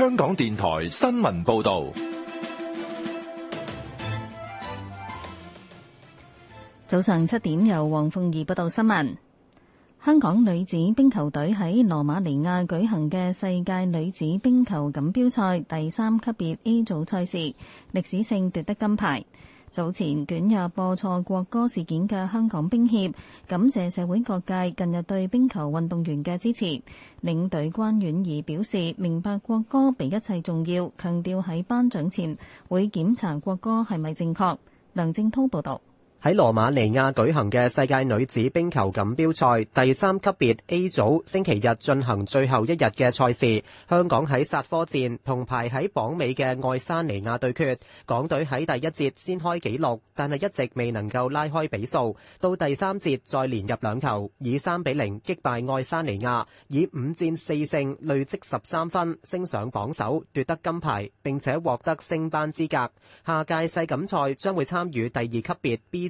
香港電台新聞報道，早上七點由黃鳳儀報道新聞。香港女子冰球隊喺羅馬尼亞舉行嘅世界女子冰球錦標賽第三級別 A 組賽事，歷史性奪得金牌。早前捲入播錯國歌事件嘅香港冰協，感謝社會各界近日對冰球運動員嘅支持。領隊關婉儀表示明白國歌比一切重要，強調喺頒獎前會檢查國歌係咪正確。梁正濤報道。喺羅馬尼亞舉行嘅世界女子冰球錦標賽第三級別 A 組星期日進行最後一日嘅賽事，香港喺煞科戰同排喺榜尾嘅愛沙尼亞對決，港隊喺第一節先開紀錄，但係一直未能夠拉開比數，到第三節再連入兩球，以三比零擊敗愛沙尼亞，以五戰四勝累積十三分，升上榜首，奪得金牌，並且獲得升班資格，下屆世錦賽將會參與第二級別 B。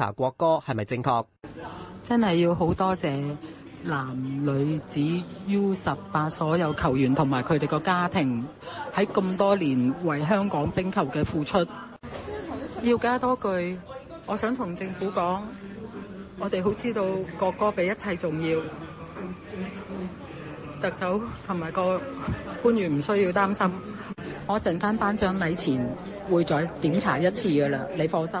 查國歌係咪正確？真係要好多謝男女子 U 十八所有球員同埋佢哋個家庭，喺咁多年為香港冰球嘅付出。要加多句，我想同政府講，我哋好知道國歌比一切重要。特首同埋個官員唔需要擔心。我陣間頒獎禮前會再檢查一次噶啦，你放心。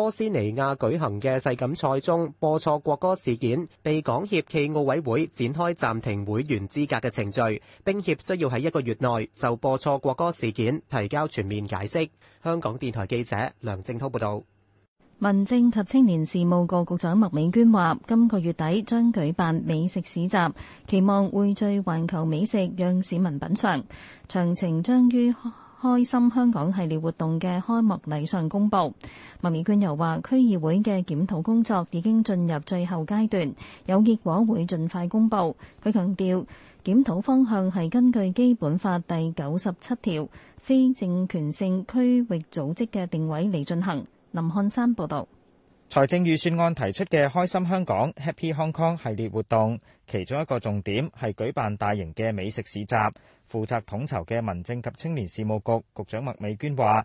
波斯尼亞舉行嘅世錦賽中播錯國歌事件，被港協暨奧委會展開暫停會員資格嘅程序，冰協需要喺一個月內就播錯國歌事件提交全面解釋。香港電台記者梁正滔報道。民政及青年事務局局長麥美娟話：今個月底將舉辦美食市集，期望匯聚環球美食，讓市民品嚐。詳情將於開心香港系列活動嘅開幕禮上公布，麥美娟又話，區議會嘅檢討工作已經進入最後階段，有結果會盡快公布。佢強調檢討方向係根據基本法第九十七條非政權性區域組織嘅定位嚟進行。林漢山報道。財政預算案提出嘅開心香港 Happy Hong Kong 系列活動，其中一個重點係舉辦大型嘅美食市集，負責統籌嘅民政及青年事務局局長麥美娟話。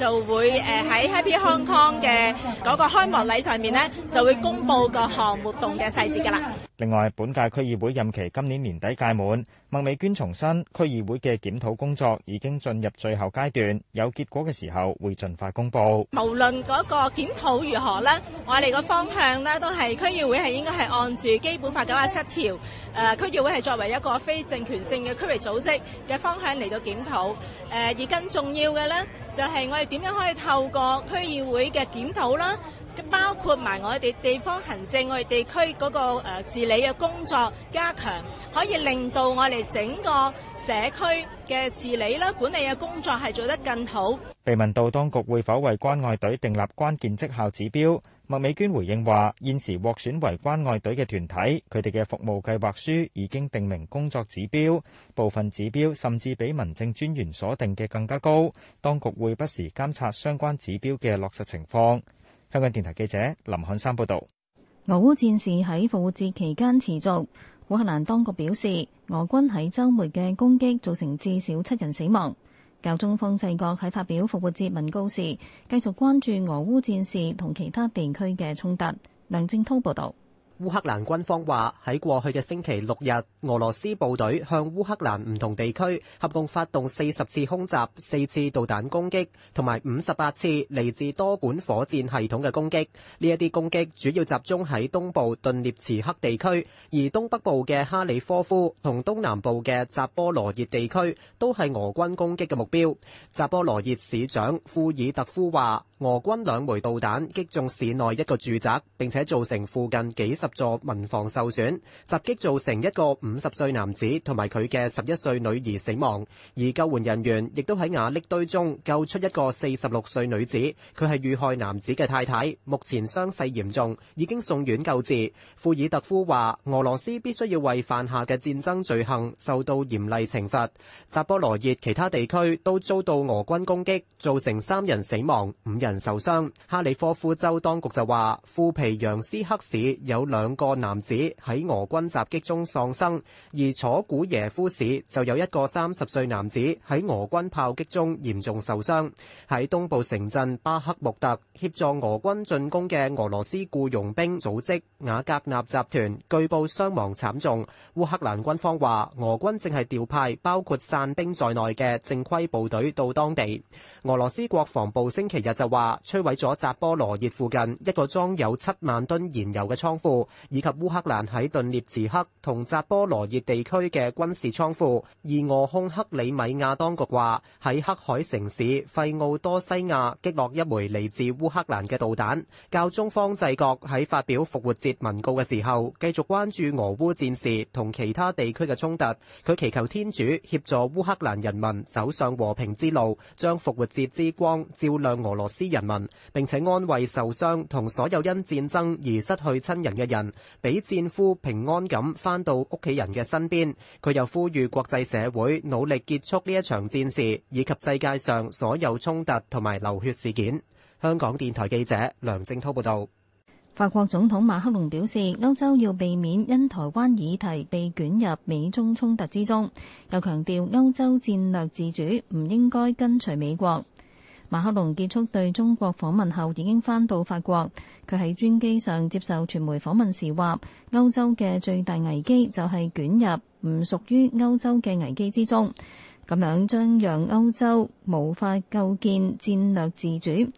就會誒喺 Happy Hong Kong 嘅嗰個開幕禮上面咧，就會公布各項活動嘅細節噶啦。另外，本屆區議會任期今年年底屆滿，麥美娟重申區議會嘅檢討工作已經進入最後階段，有結果嘅時候會盡快公佈。無論嗰個檢討如何咧，我哋個方向咧都係區議會係應該係按住基本法九十七條，誒區議會係作為一個非政權性嘅區域組織嘅方向嚟到檢討。誒而更重要嘅咧，就係我哋。點樣可以透過區議會嘅檢討啦，包括埋我哋地方行政，我哋地區嗰個誒治理嘅工作加強，可以令到我哋整個社區嘅治理啦，管理嘅工作係做得更好。被問到當局會否為關愛隊訂立關鍵績效指標？麥美娟回應話：現時獲選為關愛隊嘅團體，佢哋嘅服務計劃書已經定明工作指標，部分指標甚至比民政專員所定嘅更加高。當局會不時監察相關指標嘅落實情況。香港電台記者林漢山報道。俄烏戰事喺復活節期間持續，烏克蘭當局表示，俄軍喺周末嘅攻擊造成至少七人死亡。教宗方濟各喺發表復活節文告時，繼續關注俄烏戰事同其他地區嘅衝突。梁正濤報道。烏克蘭軍方話喺過去嘅星期六日，俄羅斯部隊向烏克蘭唔同地區合共發動四十次空襲、四次導彈攻擊同埋五十八次嚟自多管火箭系統嘅攻擊。呢一啲攻擊主要集中喺東部頓涅茨克地區，而東北部嘅哈爾科夫同東南部嘅扎波羅熱地區都係俄軍攻擊嘅目標。扎波羅熱市長庫爾特夫話，俄軍兩枚導彈擊中市內一個住宅，並且造成附近幾十座民房受損，襲擊造成一個五十歲男子同埋佢嘅十一歲女兒死亡，而救援人員亦都喺瓦礫堆中救出一個四十六歲女子，佢係遇害男子嘅太太，目前傷勢嚴重，已經送院救治。庫爾特夫話：俄羅斯必須要為犯下嘅戰爭罪行受到嚴厲懲罰。扎波羅熱其他地區都遭到俄軍攻擊，造成三人死亡，五人受傷。哈里科夫州當局就話：富皮揚斯克市有兩兩個男子喺俄軍襲擊中喪生，而楚古耶夫市就有一個三十歲男子喺俄軍炮擊中嚴重受傷。喺東部城鎮巴克穆特協助俄軍進攻嘅俄羅斯僱傭兵組織瓦格納集團據報傷亡慘重。烏克蘭軍方話俄軍正係調派包括散兵在內嘅正規部隊到當地。俄羅斯國防部星期日就話摧毀咗扎波羅熱附近一個裝有七萬噸燃油嘅倉庫。以及烏克蘭喺頓涅茨克同扎波羅熱地區嘅軍事倉庫，而俄控克里米亞當局話喺黑海城市費奧多西亞擊落一枚嚟自烏克蘭嘅導彈。教宗方濟各喺發表復活節文告嘅時候，繼續關注俄烏戰事同其他地區嘅衝突，佢祈求天主協助烏克蘭人民走上和平之路，將復活節之光照亮俄羅斯人民，並且安慰受傷同所有因戰爭而失去親人嘅人俾戰俘平安咁返到屋企人嘅身邊。佢又呼籲國際社會努力結束呢一場戰事，以及世界上所有衝突同埋流血事件。香港電台記者梁正滔報導。法國總統馬克龍表示，歐洲要避免因台灣議題被捲入美中衝突之中，又強調歐洲戰略自主唔應該跟隨美國。馬克龍結束對中國訪問後，已經返到法國。佢喺專機上接受傳媒訪問時話，歐洲嘅最大危機就係捲入唔屬於歐洲嘅危機之中，咁樣將讓歐洲無法構建戰略自主。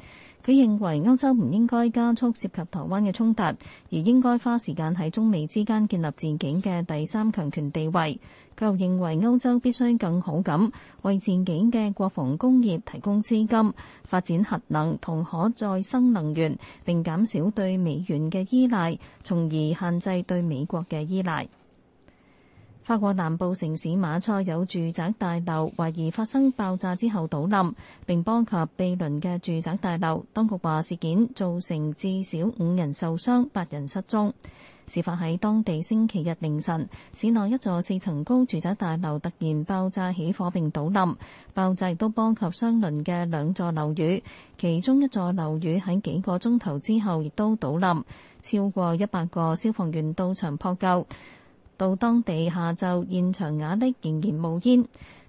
佢認為歐洲唔應該加速涉及台灣嘅衝突，而應該花時間喺中美之間建立自己嘅第三強權地位。佢又認為歐洲必須更好咁，為自己嘅國防工業提供資金，發展核能同可再生能源，並減少對美元嘅依賴，從而限制對美國嘅依賴。法國南部城市馬賽有住宅大樓懷疑發生爆炸之後倒冧，並波及毗鄰嘅住宅大樓。當局話事件造成至少五人受傷、八人失蹤。事發喺當地星期日凌晨，市內一座四層高住宅大樓突然爆炸起火並倒冧，爆炸亦都波及相鄰嘅兩座樓宇，其中一座樓宇喺幾個鐘頭之後亦都倒冧。超過一百個消防員到場撲救。到當地下晝，現場瓦礫仍然冒煙。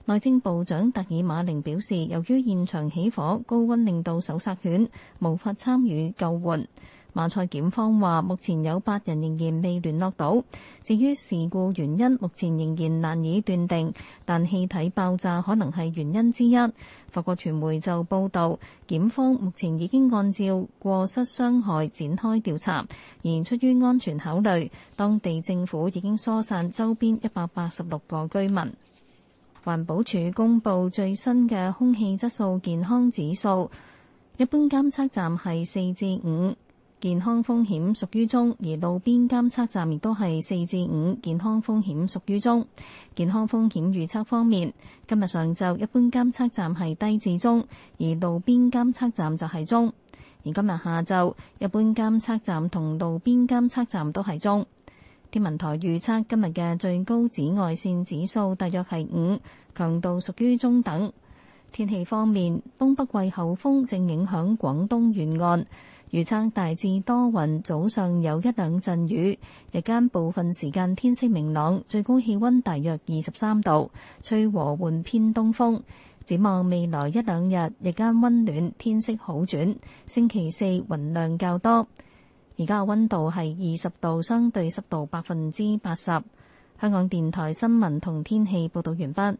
內政部長特爾馬寧表示，由於現場起火高溫，令到搜查犬無法參與救援。馬賽檢方話，目前有八人仍然未聯絡到。至於事故原因，目前仍然難以斷定，但氣體爆炸可能係原因之一。法國傳媒就報道，檢方目前已經按照過失傷害展開調查，而出於安全考慮，當地政府已經疏散周邊一百八十六個居民。環保署公布最新嘅空氣質素健康指數，一般監測站係四至五。健康風險屬於中，而路邊監測站亦都係四至五。健康風險屬於中。健康風險預測方面，今日上晝一般監測站係低至中，而路邊監測站就係中。而今日下晝一般監測站同路邊監測站都係中。天文台預測今日嘅最高紫外線指數大約係五，強度屬於中等。天氣方面，東北季候風正影響廣東沿岸。預測大致多雲，早上有一兩陣雨，日間部分時間天色明朗，最高氣溫大約二十三度，吹和緩偏東風。展望未來一兩日，日間溫暖，天色好轉。星期四雲量較多，而家嘅溫度係二十度，相對濕度百分之八十。香港電台新聞同天氣報道完畢。